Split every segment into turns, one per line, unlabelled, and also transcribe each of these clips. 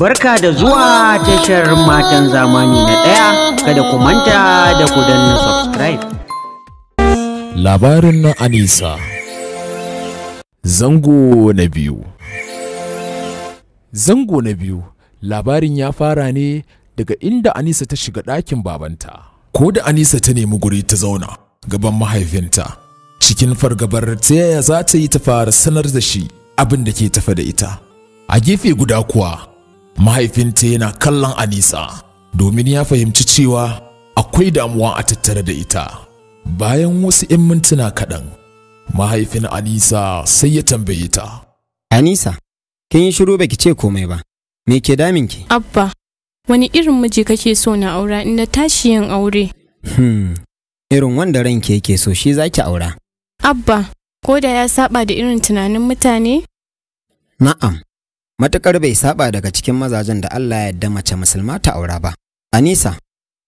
Barka da zuwa tashar matan zamani na ɗaya kada ku manta
da ku danna subscribe. Labarin na Anisa Zango na biyu Zango na biyu labarin ya fara ne daga inda Anisa ta shiga ɗakin babanta. Ko da Anisa ta nemi guri ta zauna gaban mahaifinta cikin fargabar ta yaya za ta yi ta fara sanar da shi abin da ke tafa da ita. A gefe guda kuwa mahaifinta yana kallon anisa domin ya fahimci cewa akwai damuwa a tattare da ita bayan wasu 'yan mintuna kaɗan mahaifin anisa sai ya tambaye ta anisa kin yi shiru baki ce komai ba
me ke daminki
abba wani irin miji kake so na aura in na tashi yin aure
hmm irin wanda ranki yake so shi zaki aura
abba ko da ya saba da irin tunanin mutane
na'am matukar bai saba daga cikin mazajen da Allah ya yarda mace musulma ta aura ba anisa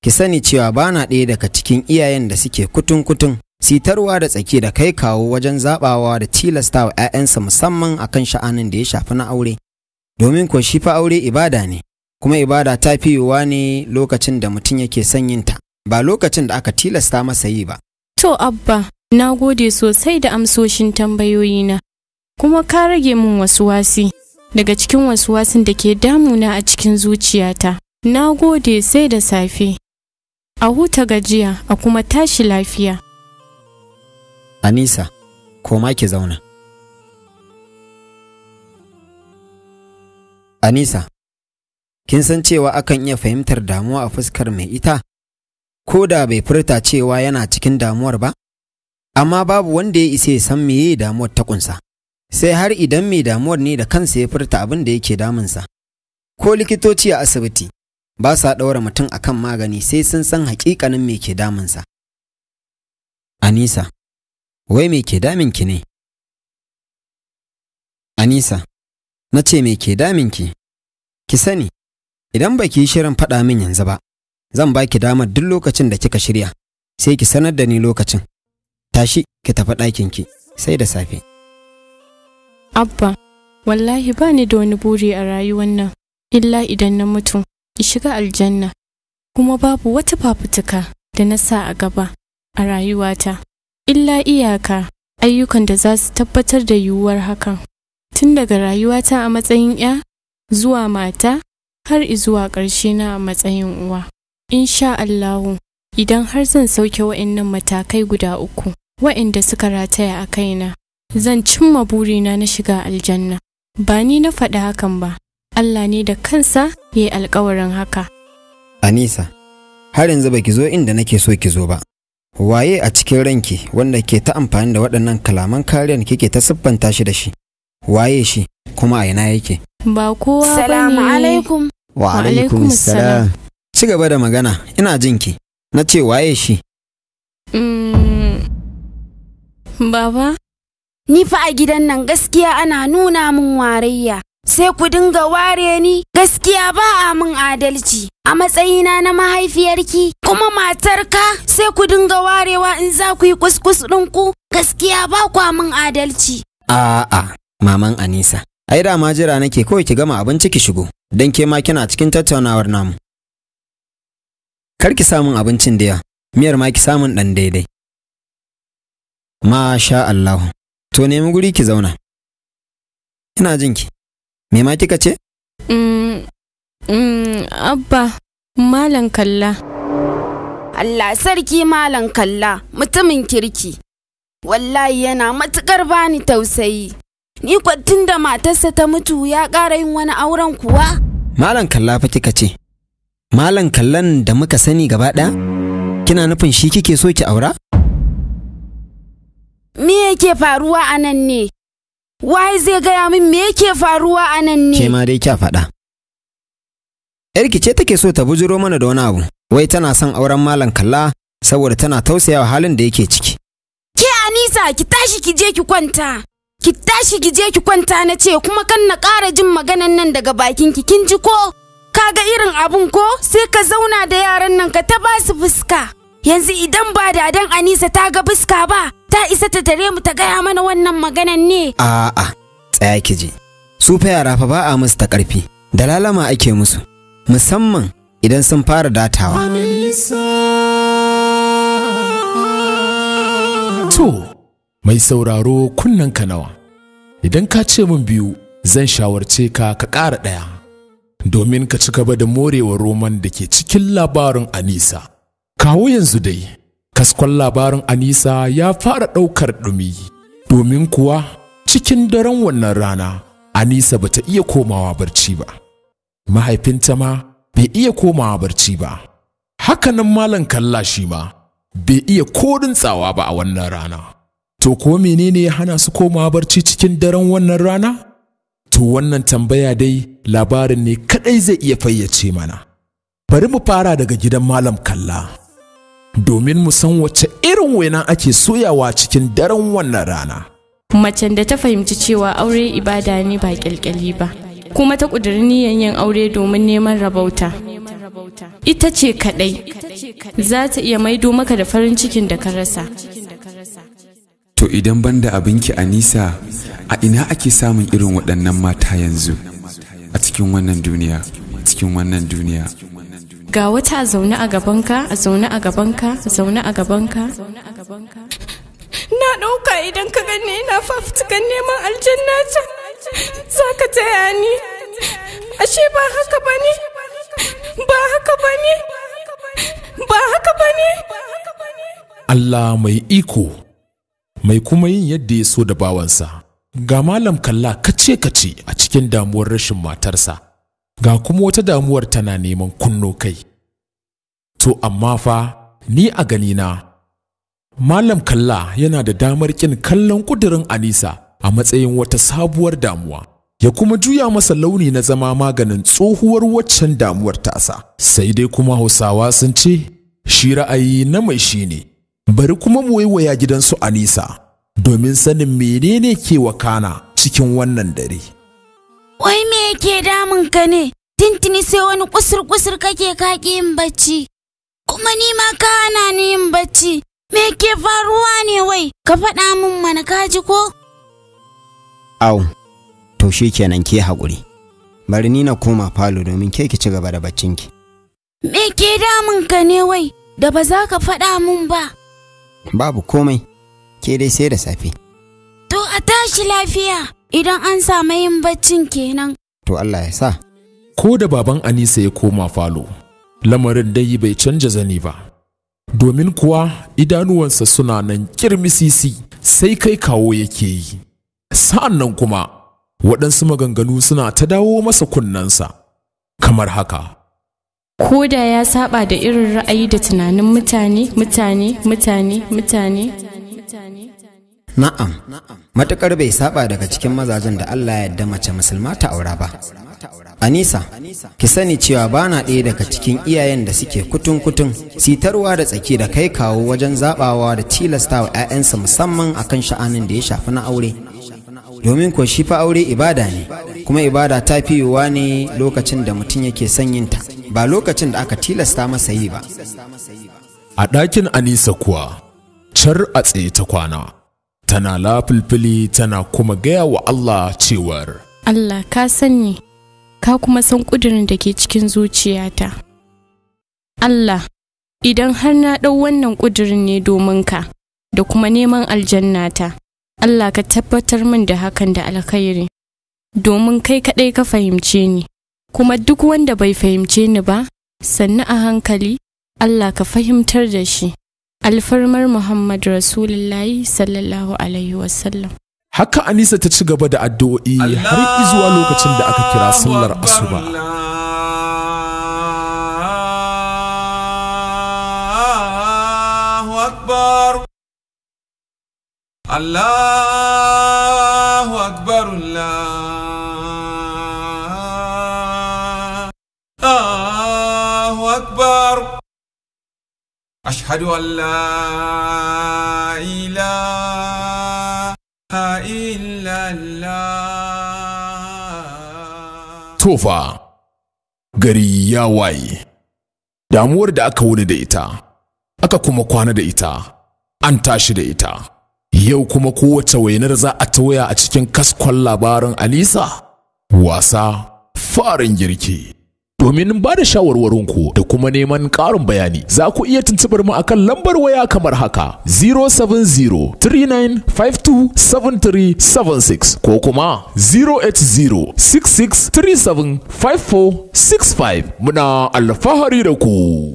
ki sani cewa bana ɗaya daga cikin iyayen da suke kutun kutun sitarwa da tsaki da kai kawo wajen zabawa da tilastawa 'ya'yansa musamman akan sha'anin da ya shafi na aure domin ko shi fa aure ibada ne kuma ibada ta fi yiwuwa ne lokacin da mutum yake son yin ta ba lokacin da aka tilasta masa yi ba
to abba na gode sosai da amsoshin tambayoyina kuma ka rage min wasu wasi daga cikin wasuwasin da ke damuna a cikin zuciyata. Na gode sai da safe. A huta gajiya a kuma tashi lafiya.
Anisa, koma ki zauna. Anisa, kin san cewa akan iya fahimtar damuwa a fuskar mai ita? Ko da bai furta cewa yana cikin damuwar ba? Amma babu wanda ya isa ya san meye damuwar ta kunsa. sai har idan mai damuwar ne da kansa ya furta abin da yake damunsa ko likitoci a asibiti ba sa ɗaura mutum a kan magani sai sun san haƙiƙanin me ke damunsa anisa wai me ke daminki ne anisa na ce me ke daminki ki Ki sani idan ba ki yi shirin faɗa min yanzu ba zan ba ki damar duk lokacin da kika shirya sai ki sanar da ni lokacin tashi ki tafi ɗakinki sai da safe
Abba, wallahi ba ni da wani buri a rayuwar nan, illa idan na mutu, in shiga aljanna, kuma babu wata fafutuka da na sa a gaba a rayuwata, illa iyaka ayyukan da za su tabbatar da yiwuwar hakan. Tun daga rayuwata a matsayin ‘ya, zuwa mata, har izuwa ƙarshe na a matsayin uwa. Insha Allahu, idan har zan sauke wa'innan matakai guda uku, wa'inda suka rataya a kaina. zan cimma burina na shiga aljanna ba ni na faɗi hakan ba Allah ne da kansa ya yi alkawarin haka
Anisa har yanzu baki zo inda nake so ki zo ba waye a cikin ranki wanda ke ta amfani da waɗannan kalaman kariyar kike ta siffanta shi da shi waye shi kuma a ina yake
ba kowa salamu
alaikum wa alaikum salam
ci gaba da magana ina jinki na ce waye shi
mm. Baba, Ni fa a gidan nan gaskiya ana nuna min warayya. Sai ku dinga ware ni gaskiya ba a min adalci. A matsayina na mahaifiyarki kuma matarka sai ku dinga warewa in za ku yi kuskus ɗinku gaskiya ba kwa min adalci.
A'a, maman Anisa. Ai da ma jira nake kawai ki gama abinci ki shigo, don ke ma kina cikin tattaunawar namu. Kar ki samun abincin da yawa, miyar ma ki samun ɗan daidai. Masha Allah. To nemi guri ki zauna. Ina jin ki. Me ma kika ce?
Mm, mm, abba, malam kalla. Allah
sarki malam kalla, mutumin kirki. Wallahi yana matuƙar bani tausayi. Ni tun da matarsa ta mutu ya ƙara yin wani auren kuwa?
Malam kalla fa kika ce, Malam kallan da muka sani gaba ɗaya? Kina nufin shi kike so ki aura?
me yake faruwa a nan ne? Wai zai gaya min me yake faruwa a nan ne? Ke
ma dai kya faɗa. Yarki ce take so ta bujiro mana da wani abu, wai tana son auren malam kalla saboda tana tausayawa halin da yake ciki.
Ke Anisa ki tashi ki je ki kwanta. Ki tashi ki je ki kwanta na ce kuma kan na ƙara jin maganan nan daga bakin ki kin ji ko? Kaga irin abun ko sai ka zauna da yaran nan ka ta su fuska. Yanzu idan ba da dan Anisa ta ga fuska ba, ta isa ta tare mu ta gaya mana wannan maganan ne
a'a tsaya ki ji su fa yara fa ba a musu ta karfi da lalama ake musu musamman idan sun fara datawa
to mai sauraro kunnen ka nawa idan ka ce min biyu zan shawarce ka ka ƙara ɗaya domin ka ci gaba da morewa roman da ke cikin labarin anisa kawo yanzu dai kaskon labarin anisa ya fara ɗaukar ɗumi domin kuwa cikin daren wannan rana anisa bata iya komawa barci ba mahaifinta ma bai iya komawa barci ba hakanan malam kalla shi ma bai iya kodin tsawa ba a wannan rana to ko menene ya hana su komawa barci cikin daren wannan rana to wannan tambaya dai labarin ne kadai zai iya fayyace mana bari mu fara daga gidan malam kalla domin mu san wace irin waina ake soyawa cikin daren wannan rana.
Macen da ta fahimci cewa aure ibada ne ba kyalkyali ba, kuma ta ƙudiri niyan yin aure domin neman rabauta. Ita ce kaɗai za ta iya maido maka da farin cikin da ka rasa.
To idan ban banda abinki a nisa, a ina ake samun irin waɗannan mata yanzu a cikin wannan duniya, cikin wannan duniya.
ga wata zaune a gabanka zaune a gabanka zaune a gabanka na ɗauka idan ka gane na fafutukan neman aljanna ta za ka taya ni ashe ba haka ba ne ba haka ba ne ba haka ba ne
Allah mai iko mai kuma yin yadda ya so da bawansa ga malam kalla kace kace a cikin damuwar rashin matarsa ga kuma wata damuwar tana neman kunno kai to amma fa ni a ganina malam kalla yana da damar kin kallon ƙudurin anisa a matsayin wata sabuwar damuwa ya kuma juya masa launi na zama maganin tsohuwar waccan damuwar tasa sai dai kuma hausawa sun ce shi ra'ayi na mai shi ne bari kuma mu waiwaya gidansu anisa domin sanin menene ke wakana cikin wannan dare
wai me ke damun ka ne Tintini sai wani kusur-kusur kake kaki yin bacci. Kuma ni ma ka hana ni yin bacci. Me ke faruwa ne wai? Ka faɗa min mana ka ji ko?
Au, to shi kenan ke haƙuri. Bari ni na koma falo domin ke ki ci gaba da baccinki.
Me ke damun ka ne wai? Da ba za ka faɗa min ba.
Babu komai, ke dai sai da safe.
To a tashi lafiya idan an samu yin baccin kenan.
To Allah ya sa. ko da baban Anisa ya koma falo, lamarin dai bai canja zani ba. Domin kuwa idanuwansa suna nan kirmisisi sai kai kawo yake yi. Sa'an nan kuma waɗansu maganganu suna ta dawo masa kunnensa, kamar haka.
Ko da ya saba da irin ra'ayi da tunanin mutane, mutane, mutane, mutane.
Na'am, matuƙar
bai saba daga cikin mazajen da Allah ya yadda mace musulma ta aura ba. Anisa, ki sani cewa bana ɗaya daga cikin iyayen da suke kutun-kutun, sitarwa da tsaki da kai kawo wajen zabawa da tilasta wa 'ya'yansa musamman akan sha'anin da ya shafi na aure. Domin ko shi fa aure ibada ne, kuma ibada ta fi yiwuwa ne lokacin da mutum yake son yinta, ba lokacin da aka tilasta masa yi ba.
A ɗakin Anisa kuwa, car a tsaye ta kwana, tana lafilfili tana kuma gaya wa Allah cewar.
Allah ka sani ka kuma san ƙudurin da ke cikin zuciyata. Allah, idan har na ɗau wannan ƙudurin ne domin ka, da kuma neman aljannata, Allah ka tabbatar min da hakan da alkhairi, domin kai kaɗai ka fahimce ni, kuma duk wanda bai fahimce ni ba, sannu a hankali, Allah ka fahimtar da shi. Alfarmar Muhammad Rasulullahi sallallahu Alaihi wasallam.
haka anisa ta ci gaba da addu'o'i har zuwa lokacin da aka kira sallar asuba Allahu akbar Allahu akbar
Allahu
akbar Ashhadu
an la ilaha
Tofa gari ya waye damuwar da aka wuni da ita aka kuma kwana da ita an tashi da ita yau kuma kowace wainar za a tawaya a cikin kaskon labarin alisa wasa farin girki domin ba da shawarwarinku da kuma neman ƙarin bayani za ku iya tuntubar mu akan lambar waya kamar haka 070 ko kuma 080 muna alfahari da ku.